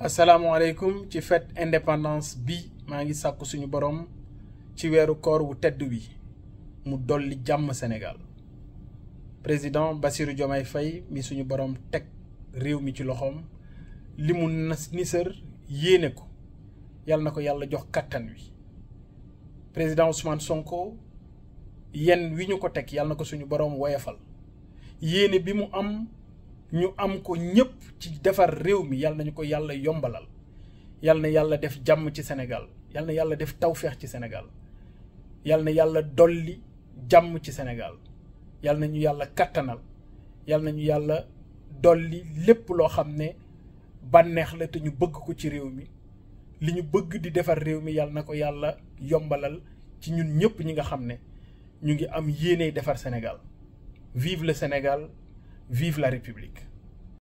Assalamu alaikum. ci fête indépendance bi ma ngi sàkku suñu borom ci wéru koor wu tedd wi mu dolli jàmm Sénégal président Bassirou Diomaye Faye mi suñu borom teg réew mi ci loxom li mu nas ko na jox wi président Ousmane Sonko yen wi ñu ko teg na suñu borom bi mu am. ñu am ko ñëpp ci defar réew mi yal nañu ko yàlla yombalal yal na yàlla def jàmm ci senegal yal na yàlla def tawféex ci Sénégal yal na yàlla dolli jàmm ci senegal yal na ñu yàlla kàttanal yal na ñu yàlla dolli lépp loo xam ne bànneex la te ñu bëgg ko ci réew mi li ñu bëgg di defar réew mi yal na ko yàlla yombalal ci ñun ñëpp ñi nga xam ne ñu ngi am yéene defar Sénégal vive le Sénégal. Vive la République.